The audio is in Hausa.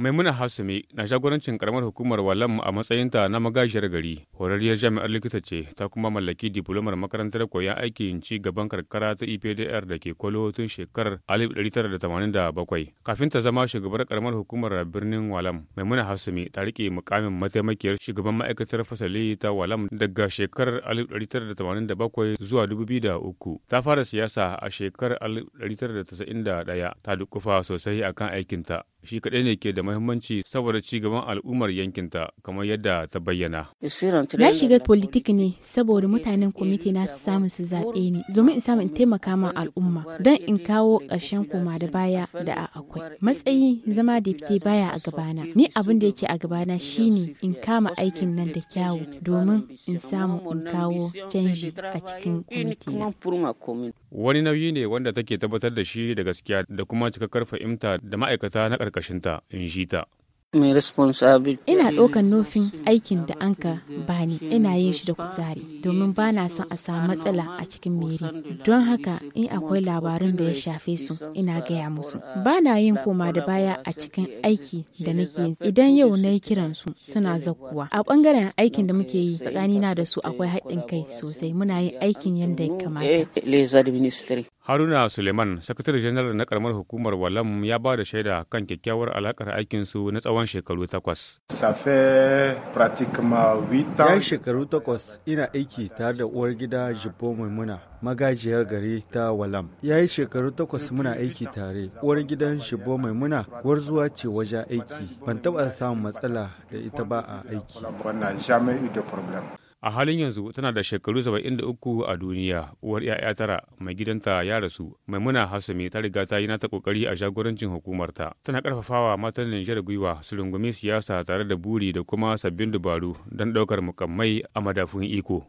Maimuna Hasumi na jagorancin karamar hukumar Walam a matsayinta na magajiyar gari. Horarriyar jami'ar likita ce ta kuma mallaki diplomar makarantar koyon aikin ci gaban karkara ta EPDR da ke kwalo tun shekarar 1987. Kafin ta zama shugabar karamar hukumar birnin Walam, Maimuna Hasumi ta rike mukamin mataimakiyar shugaban ma'aikatar fasali ta Walam daga shekarar 1987 zuwa 2003. Ta fara siyasa a shekarar 1991 ta dukufa sosai akan aikinta. shi kaɗai ne ke da mahimmanci saboda ci gaban al'ummar yankinta kamar yadda ta bayyana. Na shiga politik ne saboda mutanen kwamiti na su samu su zaɓe ni domin in samu in taimaka ma al'umma don in kawo ƙarshen koma da baya da a akwai. Matsayi zama dipte baya a gabana. Ni abin da yake a gabana shine in kama aikin nan da kyawu domin in samu in kawo canji a cikin kwamiti. wani nauyi ne wanda take tabbatar da shi da gaskiya da kuma cikakkar imta da ma'aikata na ƙarƙashinta in shi ta. Ina ɗaukan nufin aikin da an ka bani ina yin shi da kuzari domin ba na son a samu matsala a cikin meri. Don haka in akwai labarin da ya shafe su ina gaya musu. Ba na yin koma da baya a cikin aiki da nake idan yau na yi kiran su suna zakuwa. A ɓangaren aikin da muke yi tsakanina da su akwai haɗin kai sosai muna yin aikin yadda ya kamata. Haruna Suleiman, sakatare janar na karamar hukumar Walam ya ba da shaida kan kyakkyawar alakar aikinsu na tsawon shekaru takwas. Ya shekaru takwas ina aiki tare da uwar gida Jibbo Maimuna. magajiyar gari ta walam ya yi shekaru takwas muna aiki tare uwar gidan shibo maimuna warzuwa ce wajen aiki ban taɓa samun matsala da ita ba a aiki a halin yanzu tana da shekaru 73 a duniya uwar 'ya'ya tara mai gidanta ya rasu maimuna hasumi ta riga ta yi nata kokari a jagorancin hukumarta tana karfafawa matan nijar gwiwa su rungumi siyasa tare da buri da kuma sabbin dabaru don ɗaukar mukammai a madafun iko